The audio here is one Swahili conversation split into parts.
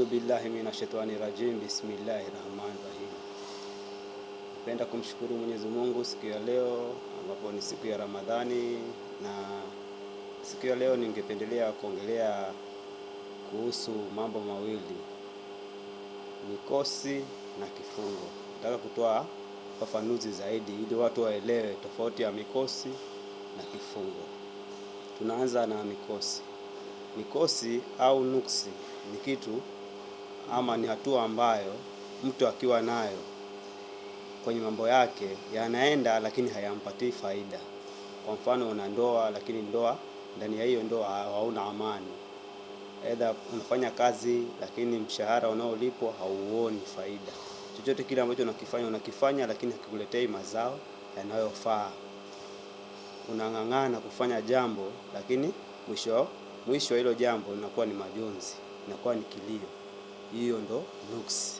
Audhu billahi minashaitani rajim. Bismillahi rahmani rahim. Napenda kumshukuru Mwenyezi Mungu siku ya leo ambapo ni siku ya Ramadhani, na siku ya leo ningependelea kuongelea kuhusu mambo mawili, mikosi na kifungo. Nataka kutoa fafanuzi zaidi ili watu waelewe tofauti ya mikosi na kifungo. Tunaanza na mikosi. Mikosi au nuksi ni kitu ama ni hatua ambayo mtu akiwa nayo kwenye mambo yake yanaenda, lakini hayampatii faida. Kwa mfano, una ndoa lakini ndoa ndani ya hiyo ndoa hauna amani, aidha unafanya kazi lakini mshahara unaolipwa hauoni faida. Chochote kile ambacho unakifanya unakifanya, lakini hakikuletei mazao yanayofaa. Unang'ang'ana kufanya jambo, lakini mwisho mwisho hilo jambo linakuwa ni majonzi, linakuwa ni kilio hiyo ndo nuksi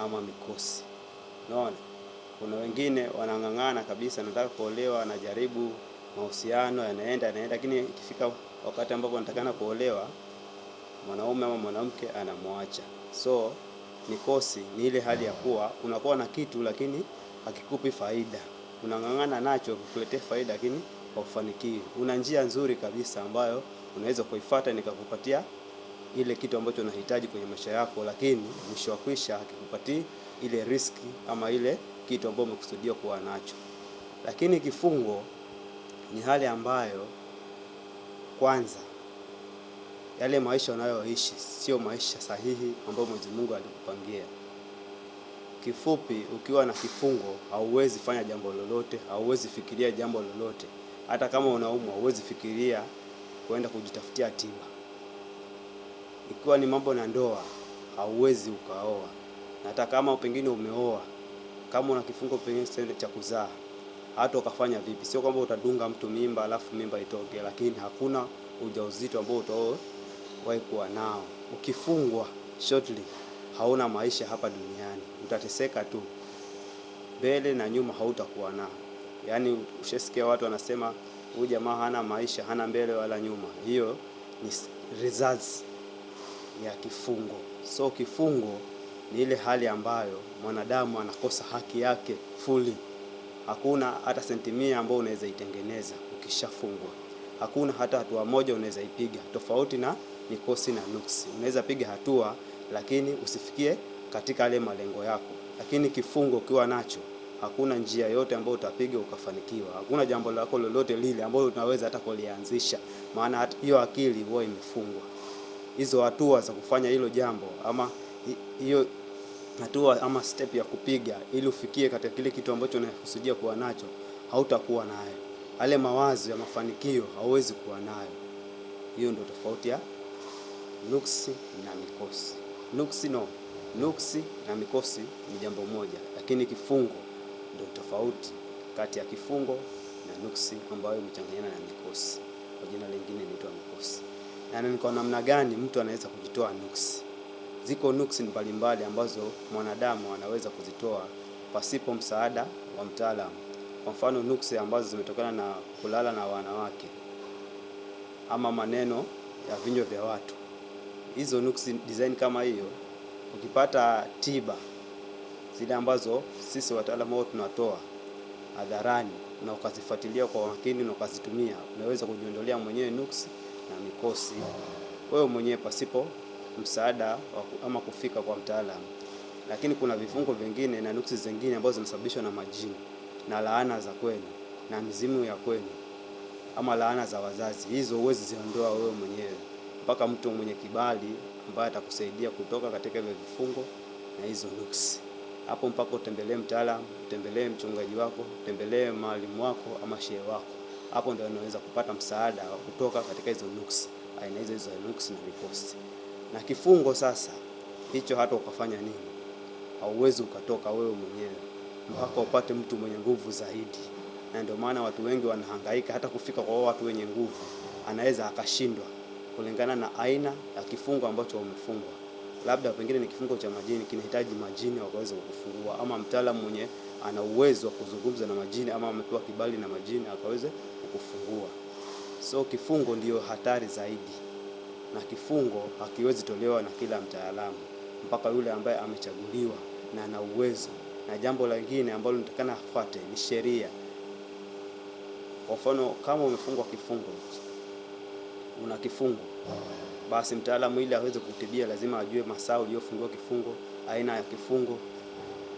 ama mikosi. Unaona, kuna wengine wanang'ang'ana kabisa, nataka kuolewa, anajaribu mahusiano, yanaenda yanaenda, lakini ikifika wakati ambapo anatakana kuolewa, mwanaume ama mwanamke anamwacha. So mikosi ni ile hali ya kuwa unakuwa na kitu lakini hakikupi faida, unang'ang'ana nacho kukuletea faida, lakini haufanikiwi. Una njia nzuri kabisa ambayo unaweza kuifuata nikakupatia ile kitu ambacho unahitaji kwenye maisha yako, lakini mwisho wa kwisha hakikupatii ile riski ama ile kitu ambacho umekusudia kuwa nacho. Lakini kifungo ni hali ambayo kwanza yale maisha unayoishi sio maisha sahihi ambayo Mwenyezi Mungu alikupangia. Kifupi, ukiwa na kifungo hauwezi fanya jambo lolote, hauwezi fikiria jambo lolote. Hata kama unaumwa, huwezi fikiria kwenda kujitafutia tiba ikiwa ni mambo na ndoa, hauwezi ukaoa, na hata kama pengine umeoa, kama una kifungo pengine cha kuzaa, hata ukafanya vipi, sio kwamba utadunga mtu mimba alafu mimba itoke, lakini hakuna ujauzito ambao utawahi kuwa nao. Ukifungwa shortly, hauna maisha hapa duniani, utateseka tu, mbele na nyuma hautakuwa nao. Yaani ushasikia watu wanasema huyu jamaa hana maisha, hana mbele wala nyuma. Hiyo ni results ya kifungo. So kifungo ni ile hali ambayo mwanadamu anakosa haki yake fully. Hakuna hata sentimia ambayo unaweza itengeneza ukishafungwa, hakuna hata hatua moja unaweza ipiga, tofauti na mikosi na nuksi. Unaweza piga hatua, lakini usifikie katika yale malengo yako. Lakini kifungo ukiwa nacho, hakuna njia yote ambayo utapiga ukafanikiwa. Hakuna jambo lako lolote lile ambalo unaweza hata kulianzisha, maana hiyo akili huwa imefungwa hizo hatua za kufanya hilo jambo ama hiyo hatua ama step ya kupiga ili ufikie katika kile kitu ambacho unakusudia kuwa nacho, hautakuwa nayo. ale mawazo ya mafanikio hauwezi kuwa nayo. Hiyo ndio tofauti ya nuksi na mikosi. Nuksi no, nuksi na mikosi ni jambo moja, lakini kifungo ndio tofauti kati ya kifungo na nuksi ambayo imechanganyana na mikosi. Kwa jina lingine inaitwa mikosi yani ni kwa namna gani mtu anaweza kujitoa nuksi. Ziko nuksi mbalimbali ambazo mwanadamu anaweza kuzitoa pasipo msaada wa mtaalamu. Kwa mfano, nuksi ambazo zimetokana na kulala na wanawake ama maneno ya vinywa vya watu, hizo nuksi design kama hiyo, ukipata tiba zile ambazo sisi wataalamu wao tunatoa hadharani na ukazifuatilia kwa makini na ukazitumia, unaweza kujiondolea mwenyewe nuksi na mikosi wewe mwenyewe pasipo msaada ama kufika kwa mtaalamu. Lakini kuna vifungo vingine na nuksi zingine ambazo zinasababishwa na majini na laana za kwenu na mizimu ya kwenu ama laana za wazazi. Hizo huwezi ziondoa wewe mwenyewe, mpaka mtu mwenye kibali ambaye atakusaidia kutoka katika hivyo vifungo na hizo nuksi. Hapo mpaka utembelee mtaalamu, utembelee mchungaji wako, utembelee mwalimu wako ama shehe wako hapo ndio anaweza kupata msaada kutoka katika hizo nuks, aina hizo hizo nuks na mikosi. Na kifungo sasa hicho, hata ukafanya nini, hauwezi ukatoka wewe mwenyewe mpaka upate mtu mwenye nguvu zaidi, na ndio maana watu wengi wanahangaika hata kufika kwa watu wenye nguvu, anaweza akashindwa kulingana na aina ya kifungo ambacho umefungwa. Labda pengine ni kifungo cha majini, kinahitaji majini wakaweza kukufungua, ama mtaalamu mwenye ana uwezo wa kuzungumza na majini, ama amepewa kibali na majini akaweze kufungua. So kifungo ndiyo hatari zaidi, na kifungo hakiwezi tolewa na kila mtaalamu, mpaka yule ambaye amechaguliwa na ana uwezo. Na jambo lingine ambalo nitakana afuate ni sheria. Kwa mfano, kama umefungwa kifungo, una kifungo basi mtaalamu ili aweze kutibia lazima ajue masaa uliyofungiwa kifungo, aina ya kifungo,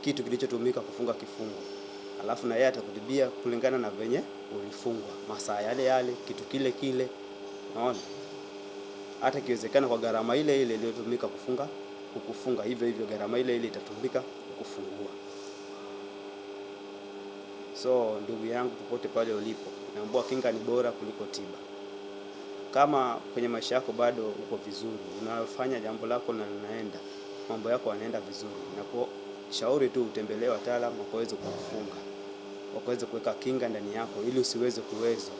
kitu kilichotumika kufunga kifungo alafu na yeye atakujibia kulingana na venye ulifungwa, masaa yale yale, kitu kile kile. Naona hata ikiwezekana kwa gharama ile ile iliyotumika kufunga kukufunga, hivyo hivyo gharama ile ile itatumika kukufungua. So ndugu yangu, popote pale ulipo, naambua kinga ni bora kuliko tiba. Kama kwenye maisha yako bado uko vizuri, unafanya jambo lako na linaenda mambo yako yanaenda vizuri, na kwa shauri tu utembelee wataalamu wakaweze kukufunga wakaweze kuweka kinga ndani yako, ili usiweze kuwezwa,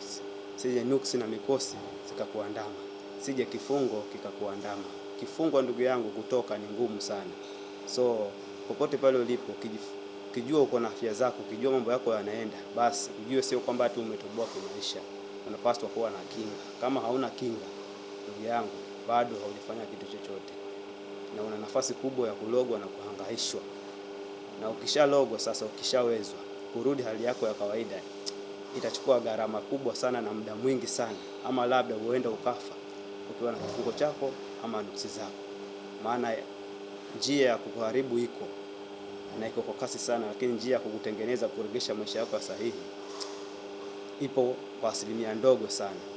sije nuksi na mikosi zikakuandama, sije kifungo kikakuandama. Kifungo ndugu yangu, kutoka ni ngumu sana. So popote pale ulipo, ukijua uko na afya zako, ukijua mambo yako yanaenda, basi ujue sio kwamba tu umetoboa kimaisha, unapaswa kuwa na kinga. Kama hauna kinga, ndugu yangu, bado haujafanya kitu chochote na una nafasi kubwa ya kulogwa na kuhangaishwa, na ukishalogwa sasa, ukishawezwa kurudi hali yako ya kawaida itachukua gharama kubwa sana na muda mwingi sana, ama labda huenda ukafa ukiwa na kifungo chako ama nuksi zako, maana njia ya kukuharibu iko na iko kwa kasi sana, lakini njia ya kukutengeneza, kuregesha maisha yako ya sahihi ipo kwa asilimia ndogo sana.